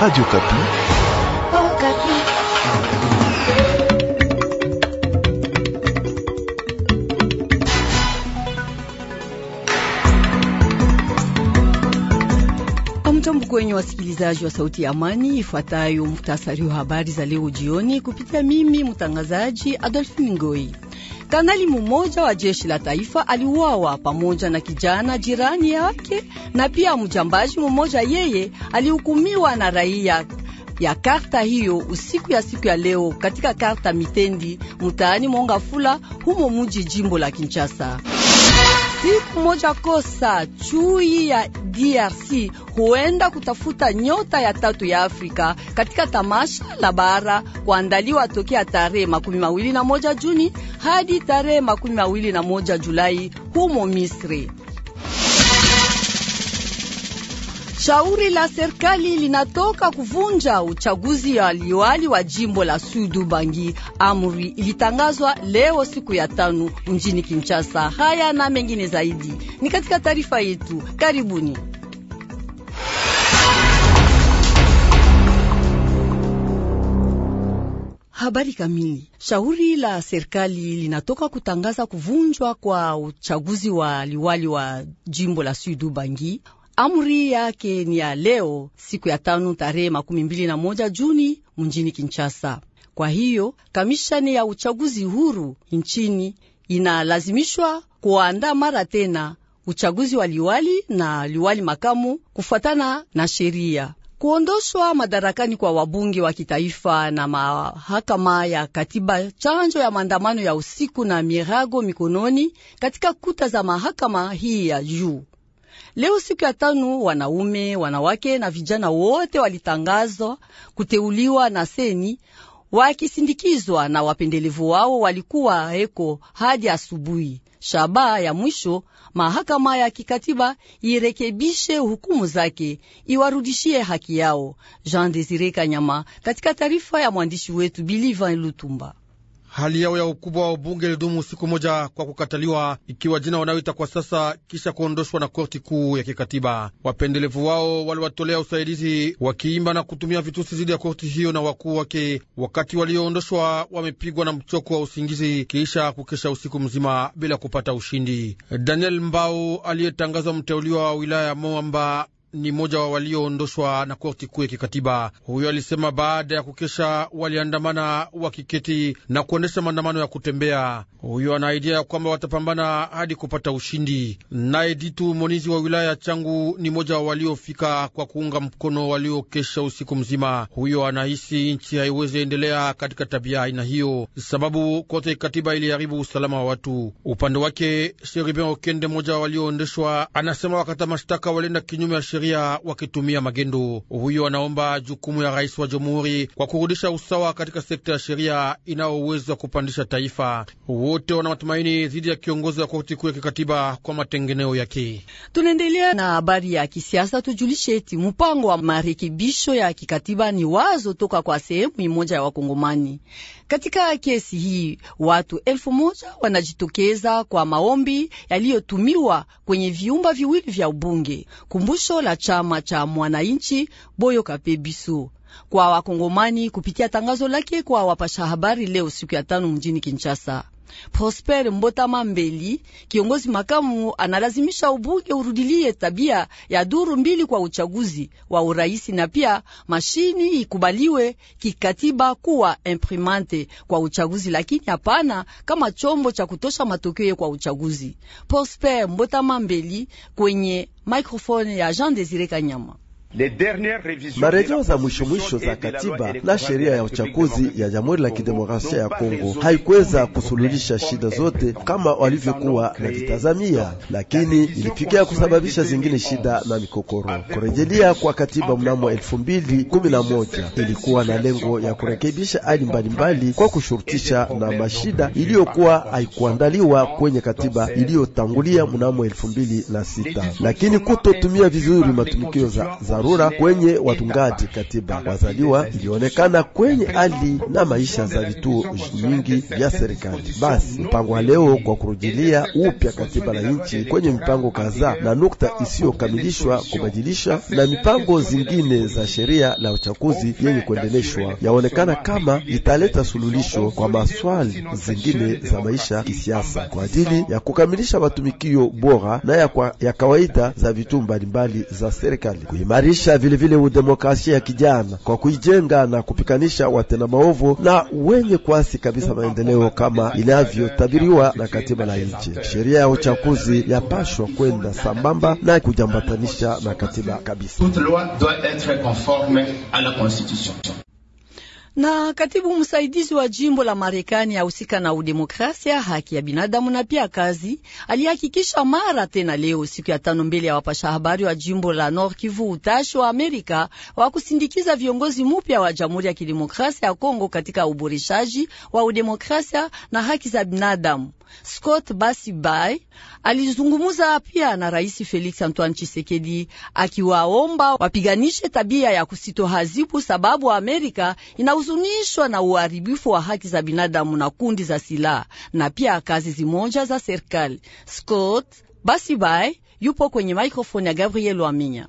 Radio Kapi. Oh, Kapi. kwenye wasikilizaji wa Sauti ya Amani, ifuatayo muhtasari wa habari za leo jioni kupitia mimi mtangazaji Adolphe Mingoi. Kanali mmoja wa jeshi la taifa aliuawa pamoja na kijana jirani yake, na pia mjambaji mmoja yeye alihukumiwa na raia ya karta hiyo usiku ya siku ya leo katika karta Mitendi mtaani Mongafula humo muji jimbo la Kinshasa siku moja kosa chui ya DRC huenda kutafuta nyota ya tatu ya Afrika katika tamasha la bara kuandaliwa tokea tarehe makumi mawili na moja Juni hadi tarehe makumi mawili na moja Julai humo Misri. Shauri la serikali linatoka kuvunja uchaguzi ya liwali wa jimbo la Sudu Bangi. Amri ilitangazwa leo siku ya tano mjini Kinshasa. Haya na mengine zaidi ni katika taarifa yetu, karibuni. Habari kamili. Shauri la serikali linatoka kutangaza kuvunjwa kwa uchaguzi wa liwali wa jimbo la Sud Ubangi. Amri yake ni ya leo siku ya tano tarehe makumi mbili na moja Juni mjini Kinshasa. Kwa hiyo kamishani ya uchaguzi huru nchini inalazimishwa kuandaa mara tena uchaguzi wa liwali na liwali makamu kufuatana na sheria. Kuondoshwa madarakani kwa wabunge wa kitaifa na mahakama ya katiba chanjo ya maandamano ya usiku na mirago mikononi katika kuta za mahakama hii ya juu. Leo siku ya tano, wanaume, wanawake na vijana wote walitangazwa kuteuliwa na seni wakisindikizwa na wapendelevu wao walikuwa heko hadi asubuhi. shaba ya mwisho, mahakama ya kikatiba irekebishe hukumu zake, iwarudishie haki yao. Jean Desire Kanyama, katika taarifa ya mwandishi wetu Bilivan Lutumba. Hali yao ya ukubwa wa bunge ilidumu siku moja kwa kukataliwa, ikiwa jina wanayoita kwa sasa, kisha kuondoshwa na korti kuu ya kikatiba. Wapendelevu wao waliwatolea usaidizi wakiimba na kutumia vitusi zidi ya korti hiyo na wakuu wake. Wakati walioondoshwa wamepigwa na mchoko wa usingizi, kisha kukesha usiku mzima bila kupata ushindi. Daniel mbau aliyetangazwa mteuliwa wa wilaya ya Mwamba ni mmoja wa walioondoshwa na korti kuu ya kikatiba. Huyo alisema baada ya kukesha waliandamana wakiketi na kuendesha maandamano ya kutembea. Huyo anaaidia kwamba watapambana hadi kupata ushindi. Naye Ditu Monizi wa wilaya Changu ni mmoja wa waliofika kwa kuunga mkono waliokesha usiku mzima. Huyo anahisi nchi haiwezi endelea katika tabia aina hiyo, sababu korti ya kikatiba iliharibu usalama wa watu. Upande wake Sheriben Okende, mmoja wa walioondeshwa, anasema wakata mashtaka walienda kinyume ya sheria sheria wakitumia magendo. Huyo anaomba jukumu ya rais wa jamhuri kwa kurudisha usawa katika sekta ya sheria inayo uwezo wa kupandisha taifa. Wote wana matumaini dhidi ya kiongozi wa korti kuu ya kikatiba kwa matengeneo yake. Tunaendelea na habari ya kisiasa, tujulishe eti mpango wa marekebisho ya kikatiba ni wazo toka kwa sehemu moja ya Wakongomani katika kesi hii watu elfu moja wanajitokeza kwa maombi yaliyotumiwa kwenye viumba viwili vya ubunge, kumbusho la chama cha mwananchi Boyo Kapebiso kwa wakongomani kupitia tangazo lake kwa wapasha habari leo siku ya tano mjini Kinshasa. Prosper Mbotama Mbeli, kiongozi makamu, analazimisha ubunge urudilie tabia ya duru mbili kwa uchaguzi wa uraisi na pia mashini ikubaliwe kikatiba kuwa imprimante kwa uchaguzi, lakini hapana kama chombo cha kutosha matokeo kwa uchaguzi. Prosper Mbotama Mbeli kwenye mikrofoni ya Jean Desire Kanyama. Marejeo za mwisho mwisho za katiba na sheria ya uchaguzi ya Jamhuri la Kidemokrasia ya Kongo haikuweza kusuluhisha shida zote kama walivyokuwa na vitazamia, lakini ilifikia kusababisha zingine shida na mikokoro. Kurejelea kwa katiba mnamo elfu mbili moja ilikuwa na lengo ya kurekebisha hali mbalimbali kwa kushurutisha na mashida iliyokuwa haikuandaliwa kwenye katiba iliyotangulia mnamo elfu mbili na sita, lakini kutotumia vizuri matumikio za, za dharura kwenye watungaji katiba wazaliwa ilionekana kwenye hali na maisha za vituo nyingi vya serikali. Basi mpango wa leo kwa kurudilia upya katiba la nchi kwenye mipango kadhaa na nukta isiyokamilishwa kubadilisha na mipango zingine za sheria la uchaguzi yenye kuendeleshwa yaonekana kama italeta sululisho kwa maswali zingine za maisha kisiasa kwa ajili ya kukamilisha matumikio bora na ya, kwa, ya kawaida za vituo mbalimbali za serikali kuimarisha kuimarisha vilevile udemokrasia ya kijana kwa kuijenga na kupikanisha watenda maovu na wenye kuasi kabisa maendeleo kama inavyotabiriwa na katiba la nchi. Sheria ya uchaguzi yapashwa kwenda sambamba na kujambatanisha na katiba kabisa. Na katibu msaidizi wa jimbo la Marekani ya husika na udemokrasia, haki ya binadamu na pia kazi, alihakikisha mara tena leo siku ya tano mbele ya wapasha habari wa jimbo la North Kivu utashi wa Amerika wa kusindikiza viongozi mupya wa Jamhuri ya Kidemokrasia ya Kongo katika uboreshaji wa udemokrasia na haki za binadamu. Scott Basibay alizungumza pia na Rais Felix Antoine chisekedi akiwaomba wapiganishe tabia ya kusitohazibu sababu Amerika ina amehuzunishwa na uharibifu wa haki za binadamu na kundi za silaha na pia kazi zimoja za serikali. Scott Basibai yupo kwenye mikrofoni ya Gabriel Waminya.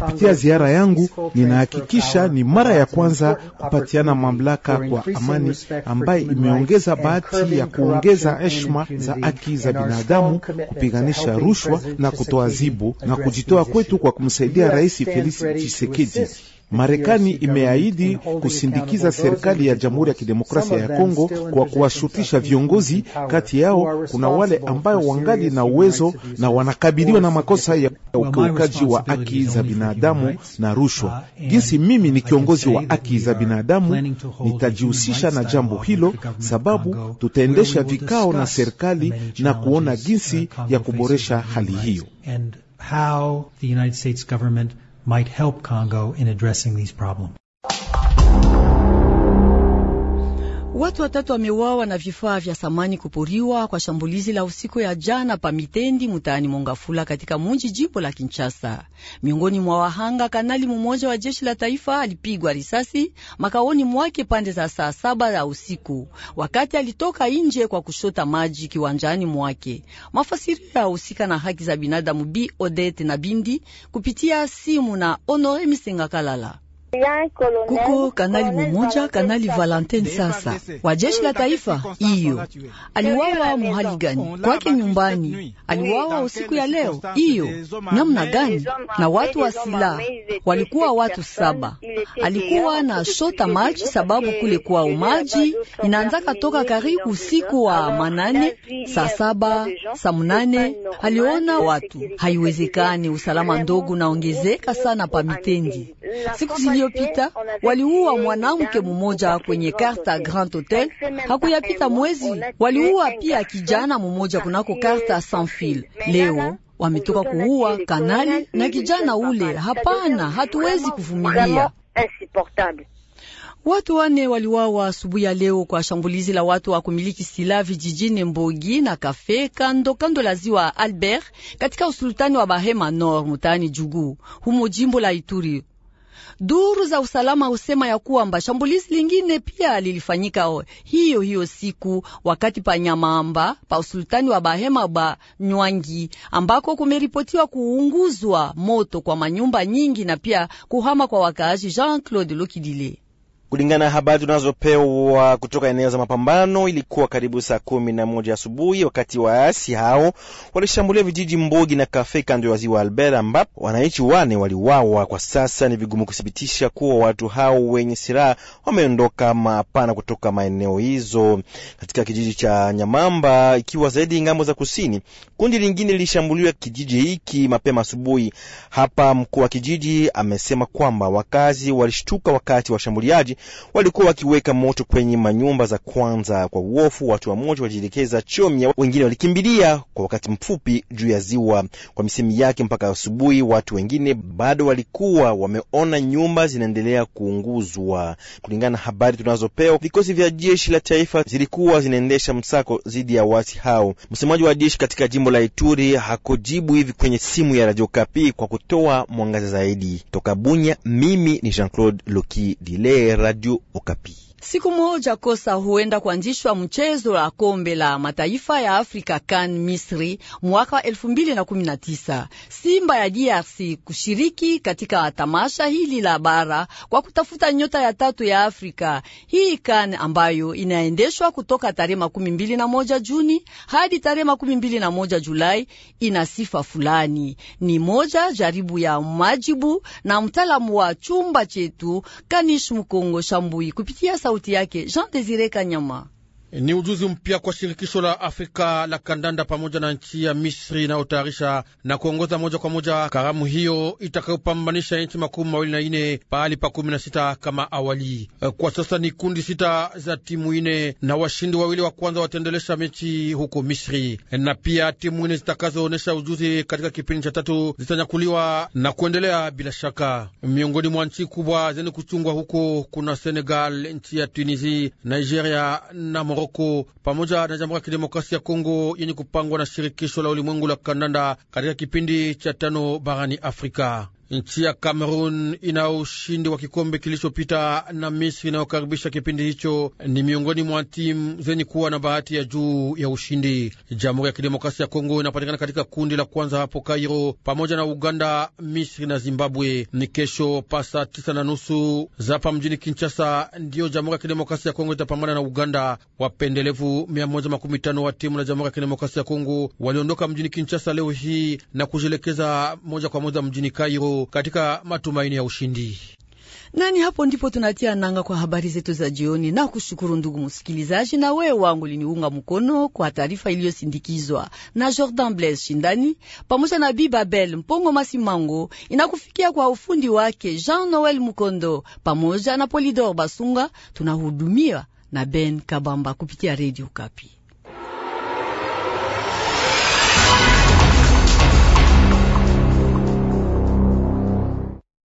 Kupitia ziara yangu ninahakikisha ni mara ya kwanza kupatiana mamlaka kwa amani ambaye imeongeza bahati ya kuongeza heshima za haki za binadamu, kupiganisha rushwa na kutoa zibu na kujitoa kwetu kwa kumsaidia Rais Felix Tshisekedi Marekani imeahidi kusindikiza serikali ya Jamhuri ya Kidemokrasia ya Kongo kwa kuwashutisha viongozi. Kati yao kuna wale ambayo wangali na uwezo na wanakabiliwa na makosa ya ukiukaji wa haki za binadamu na uh, rushwa. Jinsi mimi ni kiongozi wa haki za binadamu, nitajihusisha na jambo hilo, sababu tutaendesha vikao na serikali na kuona uh, jinsi ya kuboresha hali hiyo. might help Congo in addressing these problems? Watu watatu wameuawa na vifaa vya samani kuporiwa kwa shambulizi la usiku ya jana pa Mitendi mutaani Mongafula katika muji jimbo la Kinshasa. Miongoni mwa wahanga, kanali mmoja wa jeshi la taifa alipigwa risasi makaoni mwake pande za saa saba ya usiku wakati alitoka nje kwa kushota maji kiwanjani mwake. Mafasirio ya husika na haki za binadamu Bi Odete na Bindi kupitia simu na Honore Misenga Kalala kuko kanali mumoja Kanali Valentine sasa wa jeshi la taifa. Iyo aliwawa muhali gani? Kwake nyumbani aliwawa usiku ya leo. Iyo namna gani? Na watu wa silaha walikuwa watu saba. Alikuwa na shota maji sababu kule kwao maji inaanzaka toka karibu usiku wa manane, saa saba, saa munane. Aliona watu, haiwezekani. Usalama ndogo naongezeka sana pamitendi siku zili iliyopita waliua mwanamke mmoja kwenye Karta Grand Hotel, hakuyapita mwezi waliua pia kijana mmoja kunako Karta Sanfil. Leo wametoka kuua kanali na kijana ule. Hapana, hatuwezi kuvumilia. Watu wane waliwawa asubuhi ya leo kwa shambulizi la watu wa kumiliki silaha vijijini Mbogi na Kafe kando kando la ziwa Albert katika usultani wa Bahema Nord mutaani Jugu humo jimbo la Ituri. Duru za usalama husema ya kwamba shambulizi lingine pia lilifanyika hiyo hiyo siku wakati pa Nyamamba pa usultani wa Bahema ba Nywangi, ambako kumeripotiwa kuunguzwa moto kwa manyumba nyingi na pia kuhama kwa wakaaji. Jean Claude Lokidile Kulingana na habari tunazopewa kutoka eneo za mapambano, ilikuwa karibu saa kumi na moja asubuhi wakati waasi hao walishambulia vijiji Mbogi na Kafe kando ya ziwa Albert, ambapo wananchi wane waliuawa. Kwa sasa ni vigumu kuthibitisha kuwa watu hao wenye silaha wameondoka mapana kutoka maeneo hizo. Katika kijiji cha Nyamamba, ikiwa zaidi ngambo za kusini, kundi lingine lilishambuliwa kijiji hiki mapema asubuhi. Hapa mkuu wa kijiji amesema kwamba wakazi walishtuka wakati washambuliaji walikuwa wakiweka moto kwenye manyumba za kwanza kwa uofu. Watu wa moto walijielekeza Chomya, wengine walikimbilia kwa wakati mfupi juu ya ziwa kwa misimu yake mpaka asubuhi. Watu wengine bado walikuwa wameona nyumba zinaendelea kuunguzwa. Kulingana na habari tunazopewa, vikosi vya jeshi la taifa zilikuwa zinaendesha msako dhidi ya wasi hao. Msemaji wa jeshi katika jimbo la Ituri hakujibu hivi kwenye simu ya Radio Kapi kwa kutoa mwangaza zaidi. Toka Bunya, mimi ni Jean Claude Loki Dilera. Radio Okapi. Siku moja kosa huenda kuanzishwa mchezo la kombe la mataifa ya Afrika kan Misri mwaka 2019. Simba ya DRC kushiriki katika tamasha hili la bara kwa kutafuta nyota ya tatu ya Afrika. Hii kan ambayo inaendeshwa kutoka tarehe 21 Juni hadi tarehe 21 Julai ina sifa fulani. Ni moja jaribu ya majibu na mtaalamu wa chumba chetu Kanish Mkongo Shambui kupitia sauti yake Jean Desire Kanyama. Ni ujuzi mpya kwa shirikisho la Afrika la kandanda pamoja na nchi ya Misri inayotayarisha na kuongoza moja kwa moja karamu hiyo itakayopambanisha nchi makumi mawili na ine pahali pa kumi na sita kama awali. Eh, kwa sasa ni kundi sita za timu ine na washindi wawili wa kwanza wataendelesha mechi huko Misri, eh, na pia timu ine zitakazoonyesha ujuzi katika kipindi cha tatu zitanyakuliwa na kuendelea. Bila shaka, miongoni mwa nchi kubwa zenye kuchungwa huko kuna Senegal, nchi ya Tunisi, Nigeria na Morocco. Moroko pamoja na Jamhuri ya Kidemokrasia ya Kongo yenye kupangwa na shirikisho la ulimwengu la kandanda katika kipindi cha tano barani Afrika. Nchi ya Kamerun ina ushindi wa kikombe kilichopita na Misri inayokaribisha kipindi hicho ni miongoni mwa timu zenye kuwa na bahati ya juu ya ushindi. Jamhuri ya Kidemokrasia ya Kongo inapatikana katika kundi la kwanza hapo Kairo pamoja na Uganda, Misri na Zimbabwe. Ni kesho pasa tisa na nusu za hapa mjini Kinshasa ndiyo Jamhuri ya Kidemokrasia ya Kongo itapambana na Uganda. Wapendelevu tano wa timu la Jamhuri ya Kidemokrasia ya Kongo waliondoka mjini Kinshasa leo hii na kujielekeza moja kwa moja mjini Kairo katika matumaini ya ushindi. Nani hapo ndipo tunatia nanga kwa habari zetu za jioni, na kushukuru ndugu msikilizaji, na wewe wangu liniunga mkono kwa taarifa iliyosindikizwa na Jordan Blaise Shindani pamoja na Bi Babel Mpongo Masimango, inakufikia kwa ufundi wake Jean Noel Mukondo pamoja na Polidor Basunga, tunahudumia na Ben Kabamba kupitia Radio Kapi.